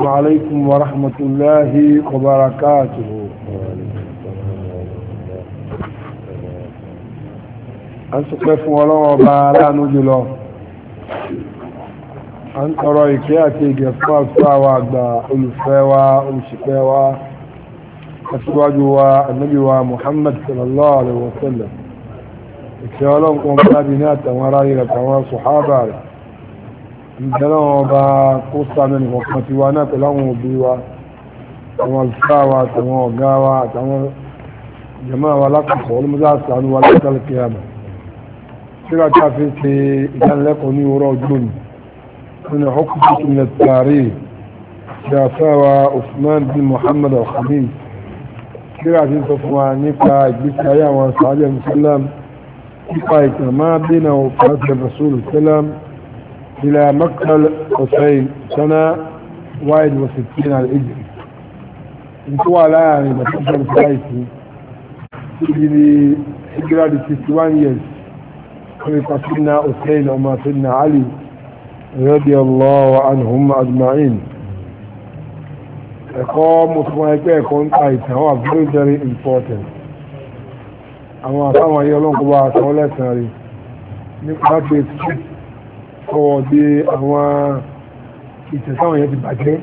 وعليكم ورحمة الله وبركاته a ń sọpẹ́ fún ọlọ́wọ́ bá aláàánú jùlọ a ń tọrọ ìkẹ́ àti ìgẹ̀ fún àfíà wa àgbà olùfẹ́ wa olùṣìpẹ̀ wa aṣíwájú wa ànábì wa Muhammad sallallahu alaihi wasallam ìkẹ́ ọlọ́nkún bá bí ní àtàwọn aráyé rẹ̀ tàwọn sọ̀hábà rẹ̀ ìjọba ọba kó sáré nìkan kan ti wá náà pẹ̀lú àwọn òbí wa àwọn àlùfáà wa àtàwọn ọ̀gá wa àtàwọn jẹ̀mọ́ àwọn alákọ̀ọ́kọ́ olùmọ́sá àṣàánú wa lọ́sàlẹ̀ kíyàmù síra tí a fi ṣe ìdánilẹ́kọ̀ọ́ ní òwúrọ̀ ọjọ́ ni nínú ọkùn tuntun ní tààrí ṣe àfẹ́wà Usman bin Muhammad al-Khamis síra tí ń sọ fún wa nípa ìgbésí ayé àwọn sàájẹ̀ musulam nípa ìtàn máa bí na إلى مقتل حسين سنة 61 على الإجري انتوا على يعني ما تفضل سلايتي تجري هجرة دي 61 years حسين وما سنة علي رضي الله عنهم أجمعين ẹ̀kọ́ mùsùlùmí ẹ̀kọ́ ń هو ìtàn wà very very important àwọn àtàwọn ayé ọlọ́nkọ́ bá sọ lẹ́sàn rí ọwọ́ dé àwọn ìtẹ̀sáwọn yẹn ti bàjẹ́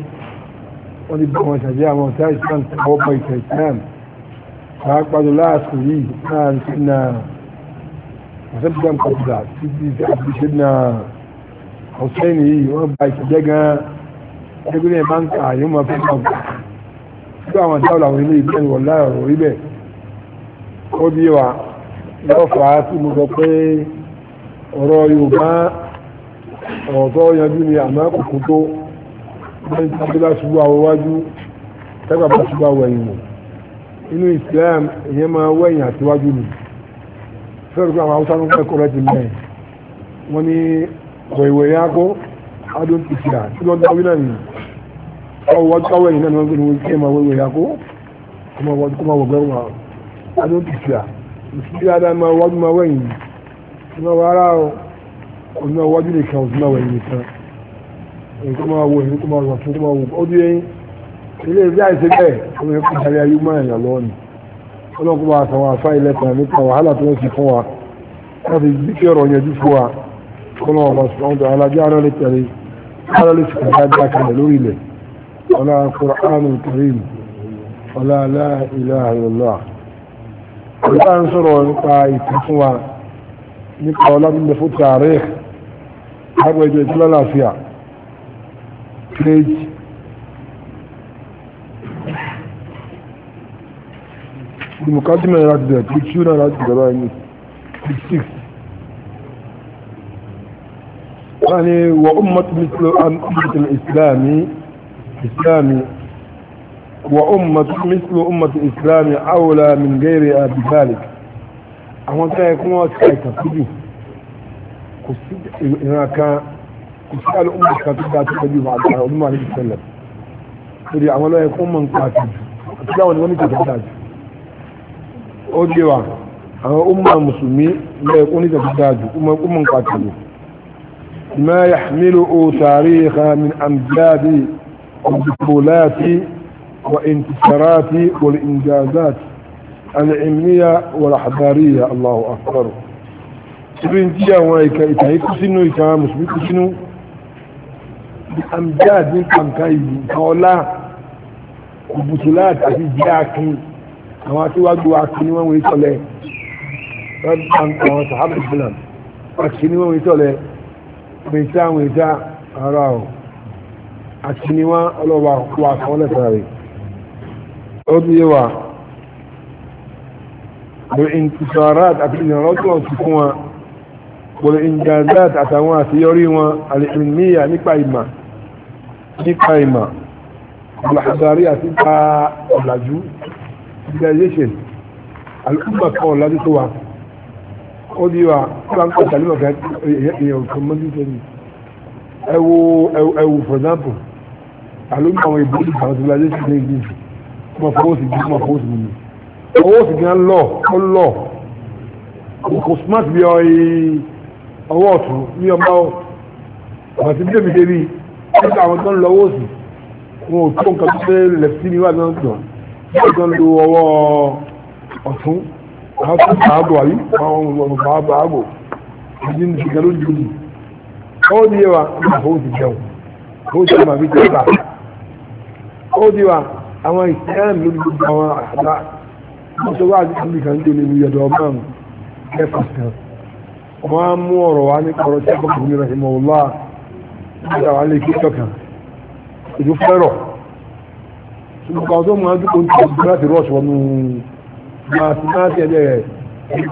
wọ́n ti bọ̀ wọn ṣàjẹ́ àwọn ọ̀tá islam tàwọn ọmọ ìtẹ̀ islam pàápàá láàṣù yìí náà ti na ọ̀sẹ́bùdàm kọ̀bùdà tí ti ṣe àbíṣe na ọ̀sẹ́yìn yìí wọ́n ba ìṣẹ̀jẹ́ gan ẹgbẹ́ yẹn máa ń kà yóò máa fi máa gbà tí àwọn dáwọ̀lá wọn ilé ìbẹ́ni wọ̀ láàrọ̀ orí bẹ́ẹ̀ ó bí ọ̀tọ́ yanjú ni àmọ́ kòkó tó bẹ́ẹ̀ tí a ṣubú àwọn wájú tẹ́gbà bá ṣubú àwọn ẹ̀yìn mọ̀ inú Islam ìyẹn máa wẹ̀yìn àtiwájú ni fẹ́ẹ̀rù pé àwọn haúsá ló ń kẹ́kọ̀ọ́ rẹ̀ ti mẹ́ẹ̀ wọ́n ní ọ̀ìwẹ̀ yá kó adún ti tìrà tí wọ́n dáwí náà nìyí ọwọ́ wájú káwọ́ ẹ̀yìn náà ni wọ́n gbé ní wọ́n kí ẹ̀ máa wẹ̀wẹ̀ yá kó kó máa wọ̀gbẹ́ ọ̀nà wájú nìkan ọ̀dún àwọn ẹ̀yìn nìkan nǹkan máa wọ ìlú kó máa wọ fún kó máa wọ ọdún yẹn ilé ìdí àìsí bẹ́ẹ̀ ọmọ ẹ̀kọ́ darí ayé mọ́ ẹ̀yà lọ́ọ̀nì ọlọ́run kó máa sàwọn àfáà ilẹ̀kùn nípa wàhálà tó ń sì fún wa láti bí kí ọ̀rọ̀ yẹn fún wa kọ́nà ọmọ sọ̀rọ̀ sùn ká dá kalẹ̀ nípa ìtàn fún fún tààrí àwọn ẹjọ́ ìtura láàfíà page ìmùkátí mẹ́rin láti bẹ̀rẹ̀ page two náà láti bẹ̀rẹ̀ báyìí page six wọ́n ni ummatu mislu an ummatul islami islami وأمة مثل أمة الإسلام أولى من غيرها بذلك أهو تايكون واسكايتا فجوه kò sí ìran kan kò sí alóhùn kan tó dáa tó tẹ́jú ìwà àgbà ọdún àlejò sẹlẹ̀ lórí àwọn ọlọ́yẹ kó mọ̀ nǹkan àti jù àti láwọn ni wọ́n ní tẹ̀sán dáa jù ó dé wa àwọn ọmọ mùsùlùmí lọ́yẹ kó ní tẹ̀sán dáa jù ó mọ̀ nǹkan àti jù ما يحمله تاريخ من أمجاد البطولات وانتصارات والإنجازات العلمية والأحبارية الله أكبر síbi tí àwọn ìkàyí kú sínú ìkàwọn mùsùlùmí kú sínú amjad ní kàǹkà ìlú nǹkan ọlá kùbùtùlá àti jẹ́ akin àwọn aṣíwájú akin ni wọ́n wọ́n ìtọ́lẹ̀ àwọn sàhábà ìbílàn akin ni wọ́n wọ́n ìtọ́lẹ̀ pèsè àwọn ìta ara ọ̀ akin ni wọ́n ọlọ́wà wà kan lẹ́sàrà rẹ̀ ó bí yé wa lóyìn tùsàrà àti ìrìnàlọ́tọ̀ ọ̀tún fún wa gbogbo ingazat àtàwọn àṣeyọrí wọn alìmíyà nípa ìmà nípa ìmà alhadari àti ta ọ̀làjú civilization al'umma kan ọ̀làjú tó wà ó di wa kíwà ń pọ̀ tàlímọ̀ kan èèyàn kan mọ́ títẹ̀ ní ẹwọ ẹwọ for example alóńgbà àwọn ìbò ìbò àwọn civilization ní ìdí ìfì ọmọ fọwọ́ sí gbígbọ́ fọwọ́ sí mímu owó sì lọ ó lọ kò smart bí ọ yìí ọwọ́ ọ̀tún ní ọmọ ọ̀rọ̀ tí bíbélì débi nípa àwọn tó ń lọ owó òsì wọn ò tó nǹkan tó fẹ́ lẹ́fítì ní wàá náà dùn wọ́n tó ń lo ọwọ́ ọ̀tún àwọn tó ń bàágò àbí àwọn ọmọ bàágò ìdí ní ṣìkẹ́ ló jù ó di wa àwọn òsì jẹun ó di wa àbí jẹun bá ó di wa àwọn ìsẹ́yìn ló dúdú àwọn àdá wọ́n sọ wá àti wọ́n mú ọ̀rọ̀ wá ní ọ̀rọ̀ tí a kọ́kọ́ ní rahimu allah nígbà wà lè kí tọ́kàn ìlú fẹ́rọ̀ ṣùgbọ́n tó máa dúkò ń tẹ̀lé láti rọ́ọ̀ṣù wọnú máa ti máa ti ẹ̀jẹ̀ rẹ̀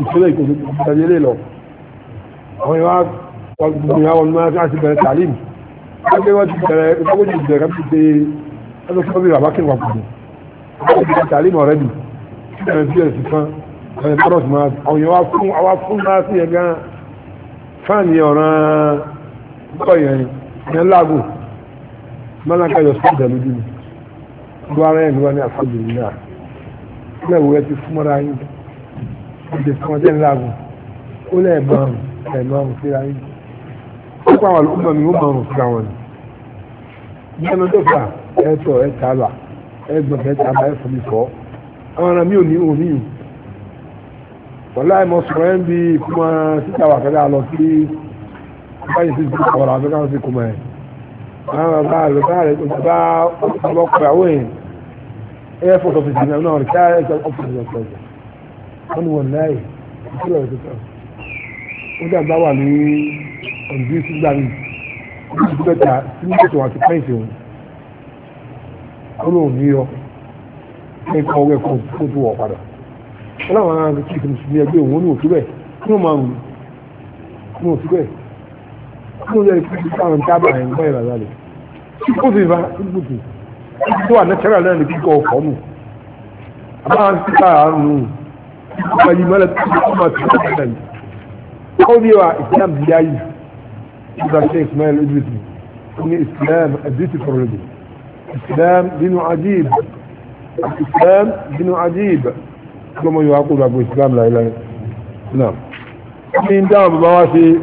ìṣẹ́lẹ̀ ìkòtò ìtàlẹ́ lè lọ àwọn ìwà gbogbo ìyá wọn máa ti bẹ̀rẹ̀ tàlím láti wọ́n ti bẹ̀rẹ̀ ìfọ́gbọ́jì ìbẹ̀rẹ̀ káfí pé ẹgbẹ́ fún mi ràbá kéwà kùdù wọ́n ti bẹ̀rẹ̀ tàlím ọ̀rẹ́dì ẹ̀rẹ́ fi ẹ̀sìn kan ẹ̀rẹ́ fọ́rọ̀ sí máa àwọn ìyá wa fún máa ti ẹ̀gán fáàni ọ̀ràn bọ́ọ̀yàn ni ẹ̀ lágùn mọ́nàká yọ sí ìdàlójú ni gbọ́ ara ẹ̀ níwá ní àfàjìrì náà ilé ìwé ti fún mọ́ra yín ìdè fún ọjọ́ lágùn ó lẹ́ẹ̀ bá ọ̀rùn ẹ̀ máa ń fira yín ó pa àwọn olùkọ́ mi ó máa ń fira wọn ni bí ẹnu tó fà ẹ̀ tọ̀ ẹ̀ tà bà ẹ̀ gbọ̀n ẹ̀ tà bà ẹ̀ fọ̀ mi fọ̀ àwọn mi ò ní òní wọ́láì mọ́ sọ̀rọ̀ ẹ́ ń bí kúmọ̀ síta wà kẹ́lẹ́ àlọ́ sí báyìí sí ti kọ̀ọ̀rọ̀ àbẹ́ká sí kúmọ̀ ẹ̀ àwọn bàbá rẹ̀ bá rẹ̀ bá ọlọ́kọ̀ àwọn èèyàn air force office náà náà rẹ̀ kí air force office náà sọ̀rọ̀ wọ́n ni wọ́n láì ìṣúlẹ̀ rẹ̀ tuntun ó dàgbà wà ní ọ̀dùnú sígbà mi ó ti bẹ̀tà sí ní ètò àti pẹ́ǹsì òun ó lóun ní yọ ẹ̀kọ́ ọwọ́ ẹ̀kọ́ tó wọ̀ padà ọlọ́run ara rẹ̀ kìí mùsùlùmí ẹgbẹ́ òun ní òtúbẹ̀ kí wọ́n máa wù ní òtúbẹ̀ kí wọ́n lẹ́yìn fún ìpàrọ̀ tábà ẹ̀ ń ìrànlá rẹ̀ kí kó fi ba ìgbùtù tó wà nẹ́tẹ́rà náà ní kíkọ́ ọkọ̀ nù àbáwọn ti ká àrùn nù ìgbà yìí mọ́lẹ̀ tó ti kọ́ máa ti kọ́ ìgbà yìí kọ́ bí wa islam bí ayé ìgbà ṣe ismail idris ní islam كما يقول ابو اسلام لا اله نعم من دام بواسي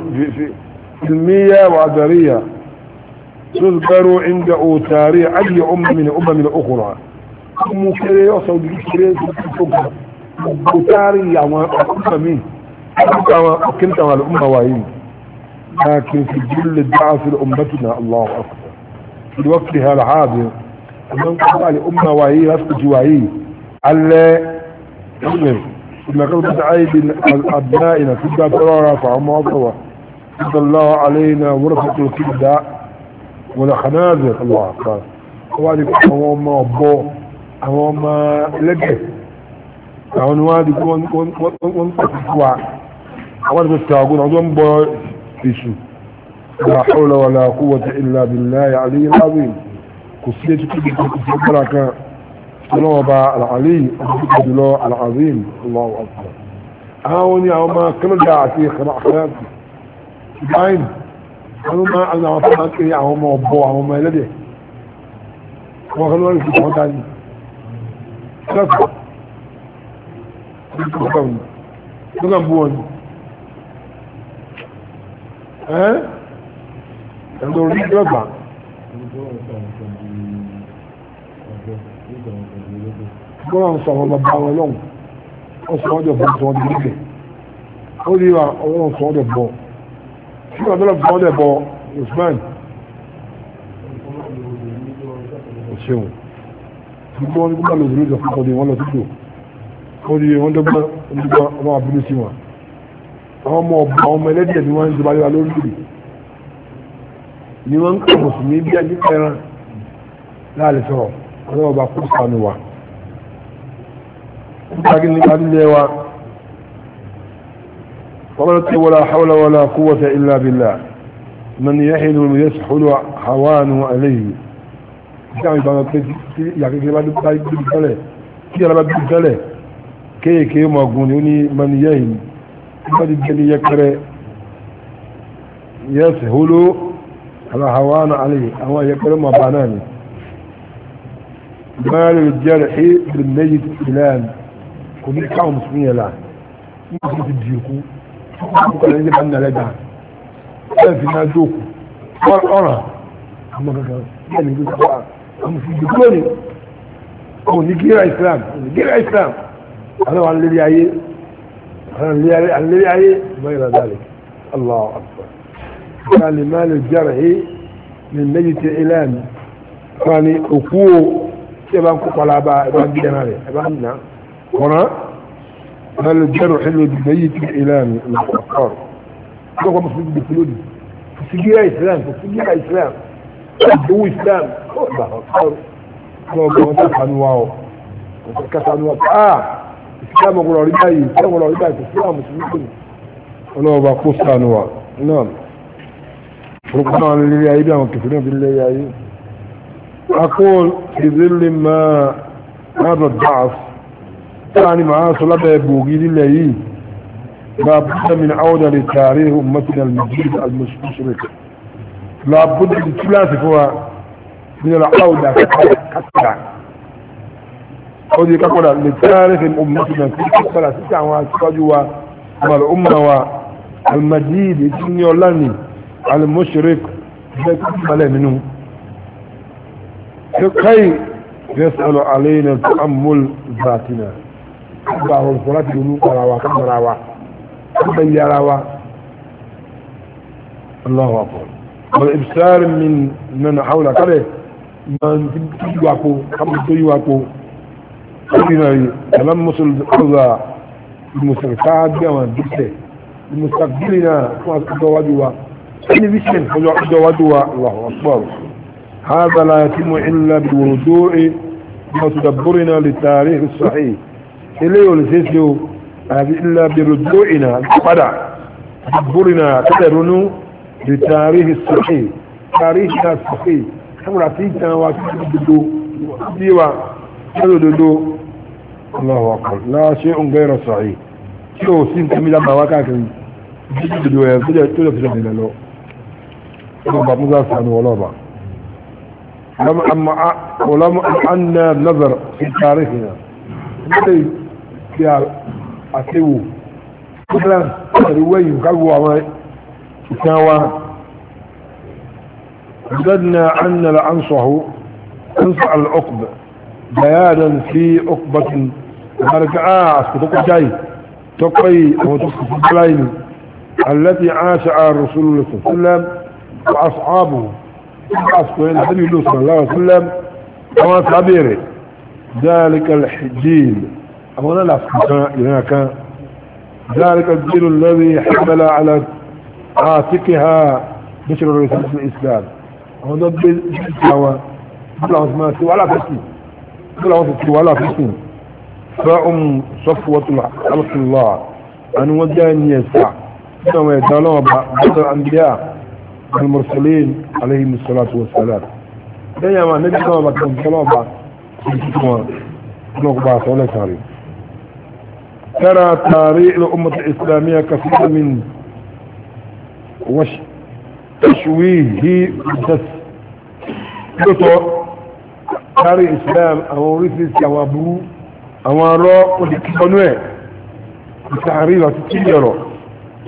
في المية وادرية تذكروا عند اوتاري اي ام من الامم الاخرى ام كريوس او كريوس اوتاري كنت مع الامة وايين لكن في جل الدعاء في امتنا الله اكبر في الوقت هالعادي ومن قال امة وايين افتجوا وايين إن قلبة عيب أبنائنا تبقى ترارا فعما أطوى إن الله علينا ورفق الكبداء ولا خنازر الله قال وعليك àwọn ọmọ ọ̀bọ àwọn ọmọ ẹlẹ́gẹ̀ àwọn ni wọ́n á di kí wọ́n pàtàkì fún wa àwọn àti pẹ̀sẹ̀ àgùn àwọn tó ń bọ èṣù la hawla wala quwwata illa billahi aliyyil azim kò sí ètò kíkì kò sí ọgbọ́n kan ọlọ́wọ́ba al'ali jùlọ al'azim lọ́wọ́ ọ̀pọ̀ àwọn ni àwọn máa kánàdà àti ìkàràkàràkì báyìí wọ́n máa àwọn àwọn fún àkiri àwọn ọmọ ọ̀bọ̀ àwọn ọmọ ẹlẹ́dẹ̀ wọ́n kan lọ́rì fún ọ̀tá ní ẹ̀ẹ́dẹ̀ orí ìjọba gbọ́nà ń sọ àwọn bàbá wọn lọ́hùn wọ́n sọ ọjọ́ bọ́ sọ ọdún nílẹ̀ ó rí wa ọwọ́ sọ ọdẹ bọ́ sí ọdọ́ sọ ọdẹ bọ́ Usman ṣeun gbogbo wọn gbọ́dọ̀ lòdì lójọ fún ọdún wọn lọ sídò ó rí wọn dọ́gbọ́n nígbà ọmọ abúlé sí wọn àwọn ọmọ ọba ọmọ ẹlẹ́dẹ̀ẹ́ ni wọ́n ń jọba yọ lórílẹ̀ ni wọ́n ń kọ̀ mùsùlùmí bí ẹni pẹ́ràn láàrin sọ̀rọ̀ ọlọ́ọ̀bá kó sànù wa káàkiri nípa lílé wa wọ́n tí wọ́n hawla wala quwwata illa billah man yahilu wa yas'ulu hawanu alayhi kí àwọn ìbámu pé kí yàkékè bá dúpá ibi tẹ́lẹ̀ kí yàrá bá dúpá tẹ́lẹ̀ kéèké mọ̀gùn ni ó ní man yahilu bá ti jẹ́ ní yẹkẹrẹ yas'ulu hawanu alayhi àwọn yẹkẹrẹ mọ̀ bá náà ni ما للجرح بالميت إلان kò ní káwọn mùsùlùmí yẹn la nígbà tó ti di òkú kókò kan ní bá ń nàlẹ́ gbà ẹ̀ fi náà dóòkù ọ̀ràn àmọ́ kankan bẹ́ẹ̀ ni gbèsè wà àmọ́ fi dùkú lónìí kò ní gíra Islam gíra Islam àwọn àwọn lérí ayé àwọn lérí ayé báyìí la dálé Allahu akbar kálí máa lè jára yé ní méjì tẹ ilé mi wọn ni òkú o tí ẹ bá ń kó kọlá bá ẹ bá ń gbé náà rẹ ẹ bá ń nà هنا هل الجرح حلو بيت الإعلام الأفكار هو مصدق بالفلود فسجيها إسلام فسجيها إسلام هو إسلام الأفكار هو مصدق عن واو مصدق عن واو آه إسلام أقول عربائي إسلام أقول عربائي إسلام مسلمين ولو بقص عن واو نعم ربنا عن اللي يعيب عن كفرين بالله يعيب أقول في ظل ما هذا الضعف يعني معاه صلبة بوغي لله لا بد من عودة لتاريخ أمتنا المجيد المشرق لا بد من ثلاثة فوا من العودة كثرة قد يقول لتاريخ أمتنا في كثرة تسعة وأسفاجوا مع الأمة والمجيد يتني ولاني المشرق ذلك ملا منه كي يسأل علينا التأمل ذاتنا gba àwọn olùkọ́ láti ronú para wa ká mara wa ká bẹ yí ara wa Allahu akbar ọ̀rọ̀ ìbísàárì mi nana àwọn àkàrẹ̀ máa ń tó yíwa po ká mọ̀ tó yíwa po ó fi hàn yìí ẹ̀lá mùsùlùmí ọ̀gá mùsùlùmí ká gbé àwọn àdúgbò mùsùlùmí náà fún àkójọ wájú wa ẹni bí sẹ́ni fún àkójọ wájú wa Allahu akbar هذا لا يتم إلا بالوضوء وتدبرنا للتاريخ الصحيح eléyìí olùsèse o àti ilẹ̀ abirùdó ìnà padà burina kẹtẹ̀rúnú di tàríhì sọ́kè tàríhì náà sọ́kè sábà tí ìtàn wa sí dodo bí wa lọ́dọ̀ dodo Allahu akbar láṣẹ òǹgá ẹ̀rọ sọ̀rọ̀ tí o sì ń tẹ́mi dábàá wá káàkiri bí dodo ẹ̀ tó jẹ́ tó jẹ́ tó jẹ́ lọ. ọlọ́ba musa sanu ọlọ́ba. ولم أن نظر في تاريخنا sí àtẹ́wò scotland pẹ̀lú wẹ́yìn kágbó àwọn ìtàn wa بدنا أن الأنصح أنصح العقبة بيانا في عقبة مركعة أسكتك جاي تقي وتسكت التي عاش الرسول صلى الله عليه وسلم وأصحابه أصحابه النبي صلى الله عليه وسلم وما تعبيره ذلك الحجين أولا لا هناك ذلك الدين الذي حمل على عاتقها بشر الرسالة في الإسلام أولا هذا بالدعوة بلا عثمات ولا فسين بلا عثمات ولا فسين فأم صفوة خلق الله أن ودان يسع كما يدعون بعض الأنبياء المرسلين عليهم الصلاة والسلام دائما نبي كما بكم كما بكم كما بكم كما بكم كما بكم ترى تاريخ الأمة الإسلامية كثير من وش تشويه بس تاريخ الإسلام أو رفز كوابو أو راء والكتنوع التحرير تتجرى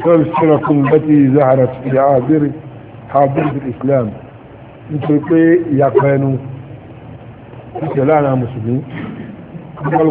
سبب التي ظهرت في عابر حاضرة الإسلام نتركي يقينوا كلانا مسلمين قال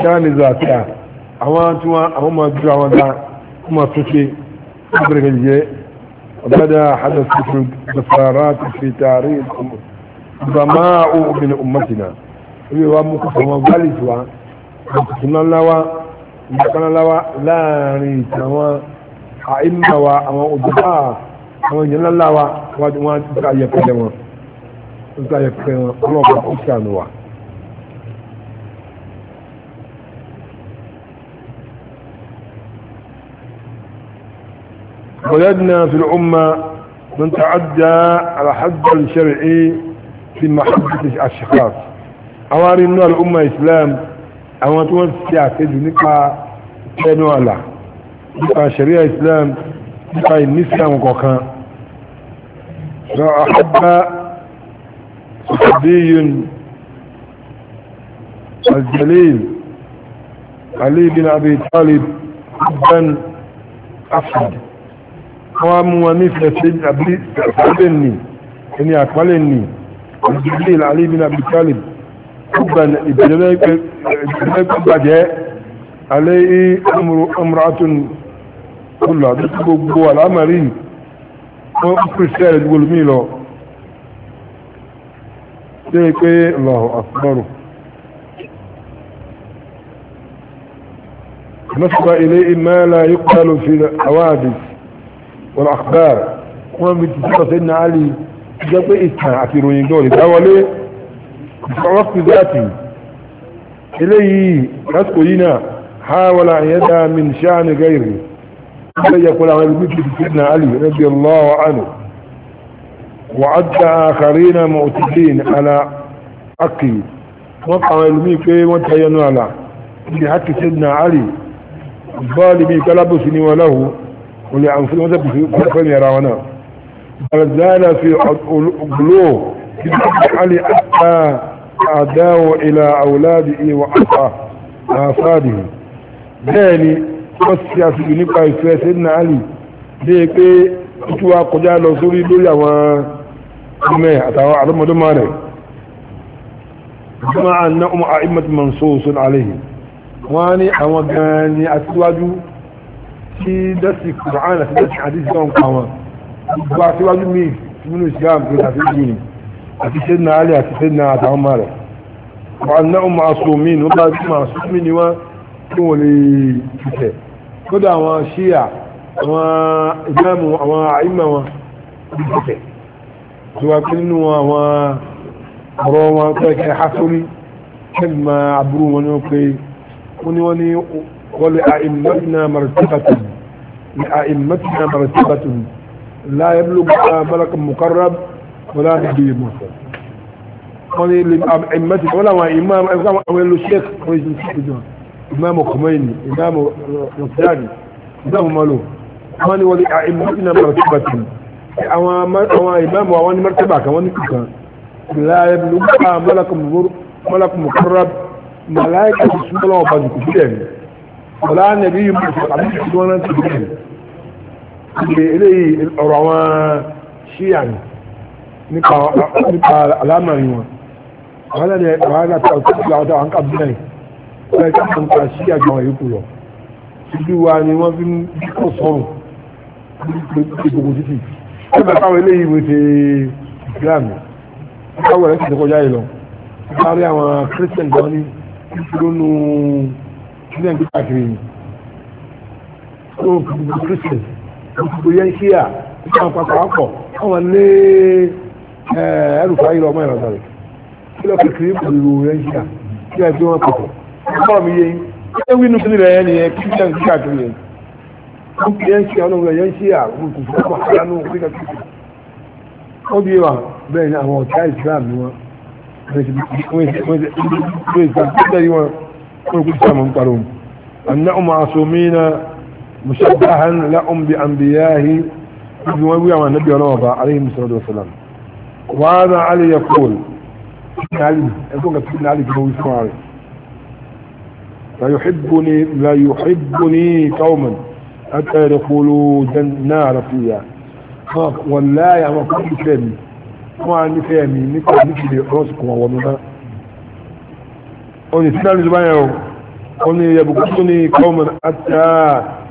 ṣáàni zafiya àwọn tí wọ́n àwọn máa ju àwọn dá kó máa tún ṣe ọbẹ̀rẹ̀ kan jẹ́ ọ̀dọ́dá hadassu nasara ti fi tààrí ìgbàmáà obìnrin ummatina orí wa mú kọsọ̀ wọn gbálì tí wa ìtùnánláwá ìtùnánláwá láàrin ìtàwọn àìmọ̀wá àwọn òjòbá àwọn ìyẹnláwá wọ́n ti ayẹ̀pẹ̀lẹ̀ wọn ọlọ́pàá ó ṣàánú wa. ولدنا في الأمة من تعدى على حد الشرعي في محبة الشخاص أواري من الأمة إسلام أما توسع تجنقى كانوا على نقى شريعة إسلام نقى النساء مقوكا فأحب صحبي الجليل علي بن أبي طالب حبا أفضل àwọn amúwa nífẹ̀ẹ́ sí àbúrẹ́ ní ẹni àpálẹ̀ ní ìdílé Ali bin Abi Talib gbogbo ìbẹ̀rẹ̀ gbàjẹ́ alẹ́ amúratún kúlọ̀ àti gbogbo alámàrí wọ́n kìrìsìtẹ́rẹ̀ gbogbo mi lọ ṣe pé Allahu Akbar نصب إليه والأخبار وما بتسيطة سيدنا علي جاءت إسحان عثيرو يندوني ده ولي بتعرفت ذاتي إليه رسكو هنا حاول ان عيدا من شان غيره إليه يقول عن المثل سيدنا علي رضي الله عنه وعد آخرين مؤتدين على أكي وقع المثل وانتهينوا على حكي سيدنا علي الظالمي كلبسني وله ولأنفسهم وتبكون يراونا بل زال في قلوه علي أتى أعداه إلى أولاده وأطى أفاده ذاني قصي أسجن يبقى يسوى سيدنا علي ليكي أتوا قجاء لسوري دوليا وميه أتوا أعلم دمانه كما أنهم أئمة منصوص عليه واني أوقاني أسواجه tí dẹ́sì kùrán àti dẹ́sì àdísì náà ń pa wọn gbogbo aṣíwájú mi nínú islam tó tàbí yìí àti ṣe náà alẹ́ àti ṣe náà àtàwọn ọmọ rẹ̀ wọn náà máa so mí ní wọn bá bí máa so mí ni wọn tí wọn lè tutẹ̀ kódà àwọn ṣíà àwọn ìgbàmù àwọn àìmọ̀ wọn ti tutẹ̀ tó wá pé nínú àwọn ọ̀rọ̀ wọn tó ẹ̀kẹ́ hásórí kẹ́lì máa aburú wọn ni wọ́n pé wọ́n ni wọ́n ni wọ́n lè àìmọ̀ náà mọ̀rẹ̀ لأئمتنا مرتبة لا يبلغ ملك مقرب ولا نبي مرسل قولي لأئمتنا ولا ما إمام أقول له شيخ إمام خميني إمام نصراني إمام مالو قولي ولأئمتنا مرتبة أما إمام وأواني مرتبة كمان كمان لا يبلغ ملك ملك مقرب ملائكة سبحانه وتعالى ولا نبي مرسل عبد الله eléyìí ọ̀rọ̀ àwọn ṣíyà ni nípa alámàrin wọn àwọn ẹ̀dẹ̀ àwọn ẹ̀dẹ̀ àti àwọn ìlà ọ̀dọ̀ àwọn kàbínà yìí wọ́n ẹ̀ka àwọn ìlà ṣíyà jọ àwọn yòókù lọ ṣíjú wa ni wọ́n fi ń kọ́ sọ́rùn ìgbòho títì ẹgbẹ́ táwọn eléyìí wọ́n ṣe ìsìlámù káwọn ẹ̀rẹ́ ti kọjá yìí lọ láàrí àwọn christian gan ni lónú christian gbé káàkiri yìí gbogbo yẹn ṣíà nígbà wọn papọ̀ akọ̀ àwọn lé ẹrùfà yìí lọ́mọ ìrànlọ́ rẹ̀ kí lọ́ọ́ kékeré pẹ̀lú yẹn ṣíà kí wọ́n fi wọn papọ̀ bọ́ọ̀ mi yé yín wí nùtí rẹ̀ yẹn nìyẹn kí yẹn ṣíà kiri yẹn yẹn ṣíà ọlọ́run yẹn ṣíà kò fún ọmọ àlánú kíkà kíkà ó bí wa bẹ́ẹ̀ ni àwọn ọ̀tá Islam ni wọ́n wọ́n ti bí wọ́n مشبها لهم بأنبيائه يجوا مع النبي عليه الصلاة والسلام وهذا علي يقول علي يقول سيدنا علي لا يحبني لا يحبني قوما حتى يدخلوا النار فيها ولا يا مقام فهمي ما عندي فهمي مثل نكون رزقكم ومنا أني سيدنا علي زبايا أني يبقوني قوما حتى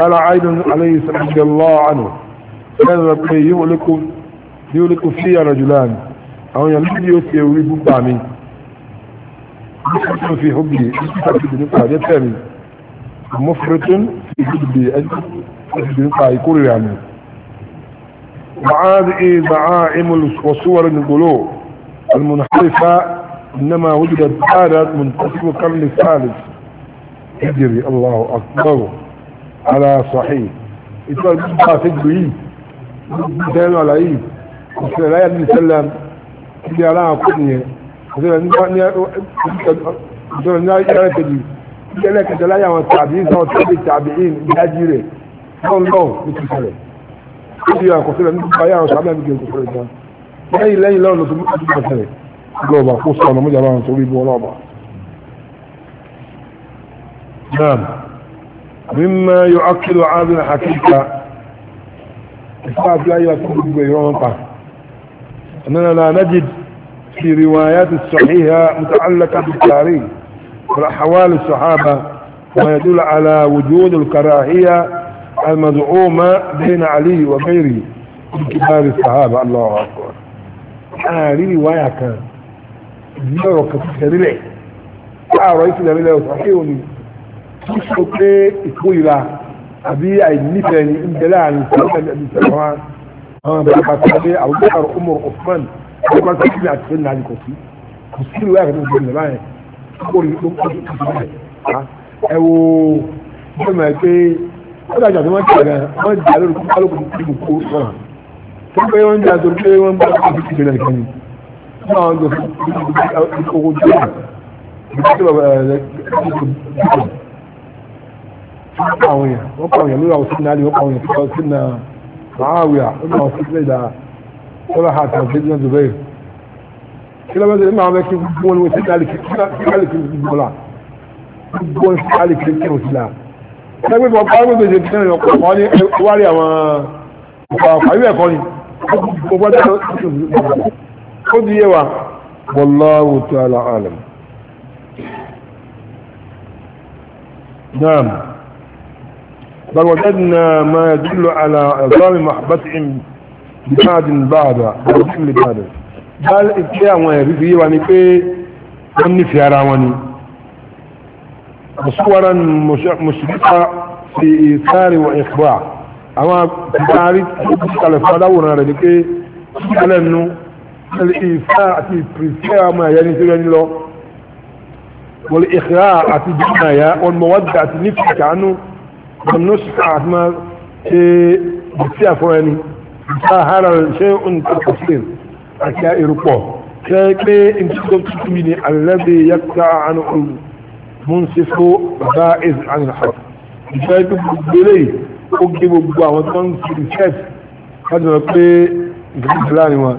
قال عيد عليه السلام رضي الله عنه كان ربي يهلك يولك في رجلان او يلدي يسيوي بامي مفرط في حبي مفرط في حبي يقول يعني وعاذ دعائم وصور القلوب المنحرفة إنما وجدت آلات منتصف القرن الثالث هجري الله أكبر على صحيح ìtọ́ ìgbà fíjù yìí ìtẹ́nu àlàyé ìṣẹ̀lẹ̀ láyé ní sẹ́lẹ̀ ilé aláàkó nìyẹn ìṣẹ̀lẹ̀ nípa ní ìṣẹ̀lẹ̀ ní ayẹ́rẹ́ tẹ̀lé ìṣẹ̀lẹ̀ kẹta láyé àwọn tàbí ìṣàn tàbí tàbí ìn ìdájí rẹ̀ lọ́nlọ́ ní ti sẹ̀lẹ̀ ó di àkọsílẹ̀ nípa ayé àwọn tàbí àbíkẹ́ ìkọsílẹ̀ tán lẹ́yìn lẹ́yìn lọ́nà tó mú ìkọsílẹ̀ lọ́ọ̀bà مما يؤكد عاد الحقيقة إصلاف لا يكون بغيرهم أننا لا نجد في روايات الصحيحة متعلقة بالتاريخ والأحوال الصحابة ما يدل على وجود الكراهية المزعومة بين علي وغيره من كبار الصحابة الله أكبر هذه رواية كان يورك في الشريع لا رأيت ذلك صحيح tó sọ pé ìkórìíra àbí àìnífẹ̀ẹ́ ní ìbẹ̀lẹ̀ àrùn sọ́kẹ́ ní ìṣẹ̀wọ̀n àwọn bàbá sáré Abubakar Umar Usman bàbá sáré àti sẹ́yìn náà kò sí kò sí ìwé àgbẹ̀ tó ń bẹ̀rẹ̀ kórìí ló ń kọ́ sí ìṣẹ̀wọ̀n ẹ wo bẹ́ẹ̀ mọ̀ pé ó dàjà tí wọ́n ti rẹ̀ wọ́n jà lórí kálukú ìlú kó wọ́n tó pé wọ́n jà tó pé wọ́n bá kó sí ìṣẹ̀lẹ̀ kan ní wọ́n àwọn jọ fún ìkókó jẹ́ ìgbésẹ̀ bàbá rẹ̀ wọ́n pa àwọn èèyàn wọ́n pa àwọn èèyàn lórí àwọn sínú alẹ́ wọ́n pa àwọn èèyàn tó sínú àáwìà wọ́n pa àwọn sínú ìdá sọ́lá àti àgbẹ̀dì náà dùbẹ́ kí lọ́wọ́ sẹ́yìn máa mẹ́kí gbọ́n ní sínú alẹ́ kí gbọ́lá gbọ́n sínú alẹ́ kí kí wọ́n sílá ẹgbẹ́ bọ̀ pàrọ̀ gbèsè tí wọ́n ní wárí àwọn àyú ẹ̀kọ́ ni ó di yé wa wallahu ta'ala alam Naam. بل وجدنا ما يدل على عظام محبتهم بعد بعد وكل بعد بل اتيا ويرفي واني بي واني في عراواني صورا مشرقة في إيثار وإخباع أما تبارك على فلاونا لكي على أنه الإيثار في بريسيا ما يعني تغني له والإخراع في الدنيا والمودة نفسك عنه بالنسخ عثمان بسيا فواني سهر شيء تفصيل أكا إرقوه كيكي انت تبتميني الذي يقطع عنه المنصف بائز عن الحق ìfẹ́jú gbélé ó gé gbogbo àwọn tó ń kiri chef láti rọ pé ìgbésẹ̀ láàrin wọn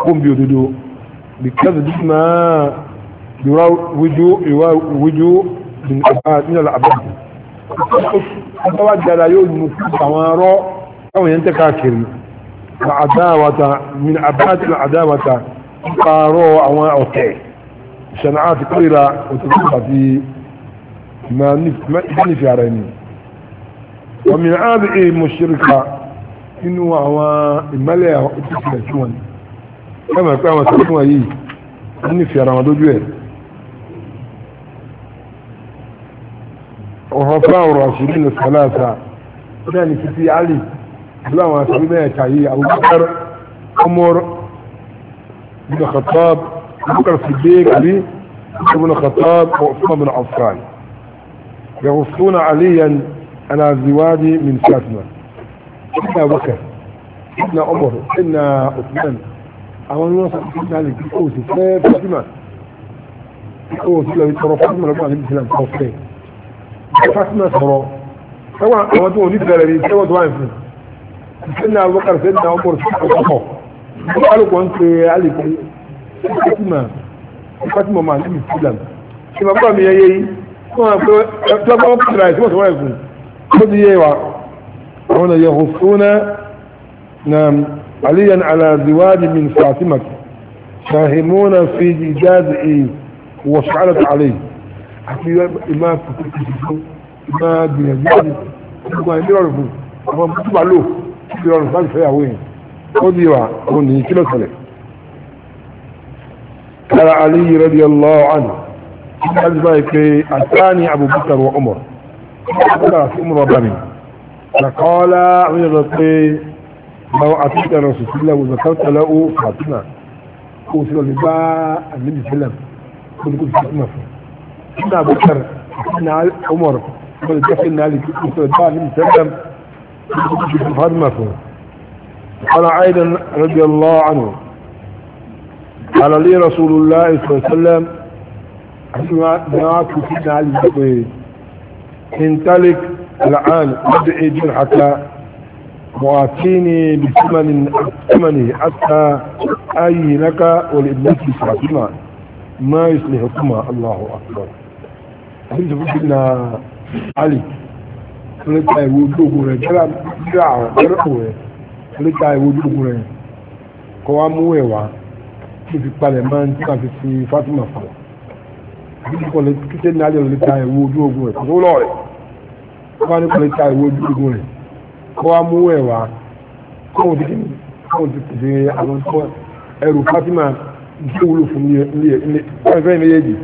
kó ń bi òdodo because this man yóò wíjú ìwà wíjú ìgbà àbájú àtọ́wà jàdá yóò mú àwọn arọ́ táwọn yẹn ń tẹ́ka kiri àdáwàta min àbáàtì àdáwàta pààrọ̀ àwọn ọ̀tẹ̀ ìṣẹ̀nà àti kórìíra òtútù àti ìmánìfẹ́ ara ẹni wọ́n mi àbí èèmọ̀ ṣíríkà nínú àwọn ìmọ́lẹ̀ òtútù ẹ̀tún wọn kẹ́mọ̀ pé àwọn sàkúnwà yìí wọ́n ara wọn lójú ẹ̀ وفراء الراشدين الثلاثة يعني في علي لما سبيبها تعيي أبو بكر عمر بن خطاب أبو بكر صديق علي بن خطاب وعثمان بن عفان يغصون عليا على زواجي من فاطمة إنا بكر ابن عمر ابن عثمان àwọn ni wọ́n sọ بقوة náà lè kí kó o بقوة fẹ́ fẹ́ sí mà kí kó o sì lọ ìtọrọ fún ọmọ ọlọ́pàá níbi ìsìlẹ̀ nǹkan fẹ́ fatima sọ̀rọ̀ ẹwà àwọn tó ní fẹrẹ ní sẹwọn tó wà ní fún sẹni abubakar sẹni àwọn ọmọ rẹ sọ̀rọ̀ kọkọ ní alùpùpù ń pè é alùpùpù fatima fatima ma ní islam ṣe bàbá mi yẹ yẹyí wọn à pé ẹjọ́ bá wọn kọ ìrà ìṣẹwọn tó wà ní fún ó ti yé wa àwọn ọ̀nà yẹ̀hùn fúnná na aliyan ala min fatima shahimuna fi ijazi wa sha'alat alayhi àti ìmá pòtòkìtì fún ìmá gbìyànjú àti ìgbà ìlú ọ̀rọ̀ fún àwọn mọ́tòbá lò ìlú ọ̀rọ̀ fún àìsàn ìyàwó yẹn ó di wa òun ní kí ló ṣẹlẹ̀. kára aliyu radiyallahu anhu láti báyìí pé àtàní abubakar wa umar abubakar àti umar ọba mi lakọ́lá àwọn ènìyàn pé báwo àti rẹ̀ sì lọ lè bá ابن ابو بكر ابن عمر ابن الجفل النالي مثل الدالي مسلم هذا ما فيه قال عيدا رضي الله عنه قال لي رسول الله صلى الله عليه وسلم دعاك سيدنا علي بكر انتلك الآن ادعي جرحك واتيني بثمن ثمنه حتى أي لك ولابنك فاطمة ما يصلحكما الله أكبر àti ìṣòfò fi na alì lẹ́ta ìwé ojúogun rẹ̀ jẹ́ra jẹ́ra àwọn ẹ̀rọ̀pọ̀ rẹ̀ lẹ́ta ìwé ojúogun rẹ̀ kọ́ wa mú ẹ̀wà tó fi palẹ̀ máa ń tí wọ́n fi fi Fatima fún un àti kíkẹ́ ní alì lẹ́ta ìwé ojúogun rẹ̀ kò lọ́ọ̀ rẹ̀ kọ́ wa nípa lẹ́ta ìwé ojúogun rẹ̀ kọ́ wa mú ẹ̀wà kọ́ wọn ti kí ni kọ́ wọn ti pèsè àwọn ẹrù Fatima ìṣòwò fún ilé ẹ̀fẹ́ méjèèjì.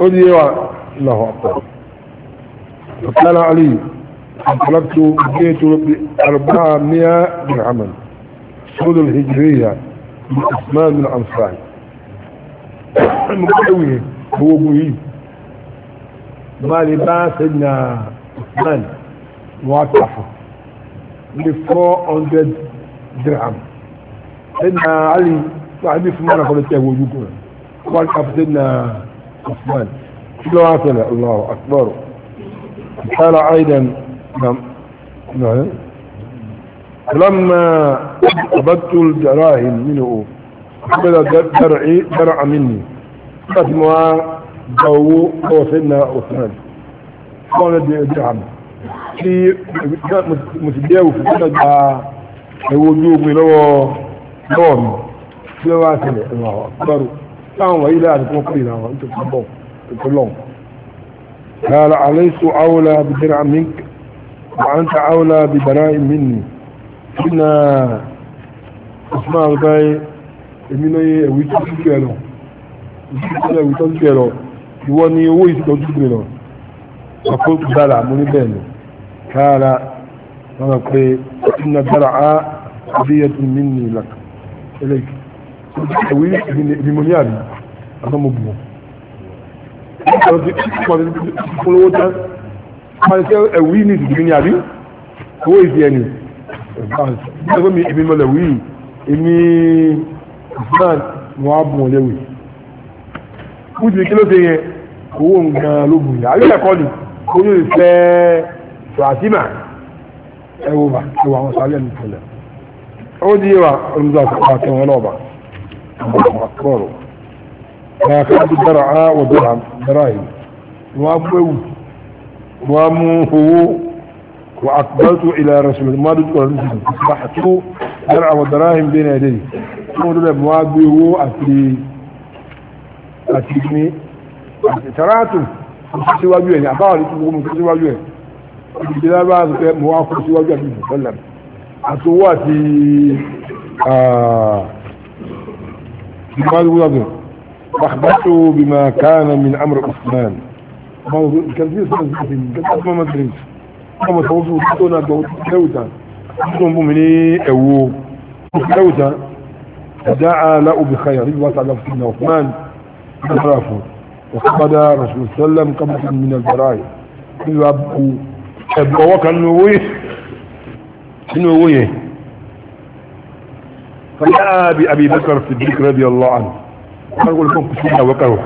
قل الله أكبر فقال علي طلبت جئت من عمل سود الهجرية من أثمان من أنصاري المقوي هو بوي ما لباس إن أثمان واتحه ب 400 درهم إن علي صاحبي في مرة قلت له وجوكنا قال سيدنا عثمان كله عاتنا الله أكبر قال أيضا نعم نعم لما أبدت الدراهم منه أقبل درعي درع مني قسمها جو وسيدنا عثمان قال درهم في مسجيه في سنة وجوب لو نوم كله عسل الله أكبر táwọn wọ̀nyí láàrin kó kúrì náà wọ́n tó fi bọ̀ tó lọ́n قال أليس أولى بدرع منك وأنت أولى بدراء مني إن اسمع الباي من ويتوجد كيلو ويتوجد كيلو يواني ويتوجد كيلو فقلت بلع من بينه قال أنا قلت إن درعاء هدية مني لك إليك ìwé ìdìmọ̀ní àbí àtọ́mọ̀bùmọ̀ polówó tán wọ́n ṣe ẹ̀wí ní ìdìmọ̀ ní àbí owó ìdí ẹni ẹgbẹ́ mi èmi mọ̀lẹ̀ wí èmi ìsìnàn wọn á bùn ọ̀lẹ́wì fún ti kí ló ṣe yẹn owó nǹkan ló bù yà á lè kọ́ ni ó yóò fẹ́ fàtímà ẹwọ́ bà ẹwà àwọn sáré ẹni tẹ̀lẹ̀ ó di yẹ wa olùdókòwò àtẹwọn náà bà. أكبر فأخذ درعا ودرعا دراهم وأبوه وأموه وأقبلت إلى رسول الله ما دلت ورسول أصبحت درعا ودراهم بين يديه ثم دلت موابه أتلي أتلي أتلي síwájú ẹ̀ ní àbáwọ̀ ní kíkọ́ mú síwájú ẹ̀ ìdílé bá ń fẹ́ mọ́ wá fún síwájú àbí ìfẹ́lẹ̀ àtòwò àti جمال الوزير فاخبرته بما كان من امر عثمان كان في سنة كان ما مدرس كما توصل تونا دوتا كلهم مؤمنين او دوتا دعا له بخير الواسع له سيدنا عثمان بشرفه وقبض رسول الله سلم الله من البرايا يبقوا ابو كانوا ويه كانوا فجاء بأبي بكر الصديق رضي الله عنه قال لكم كسينا وكره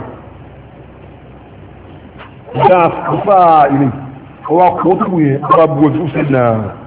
جاء فقفاء إليه هو قطبه رب وزوسنا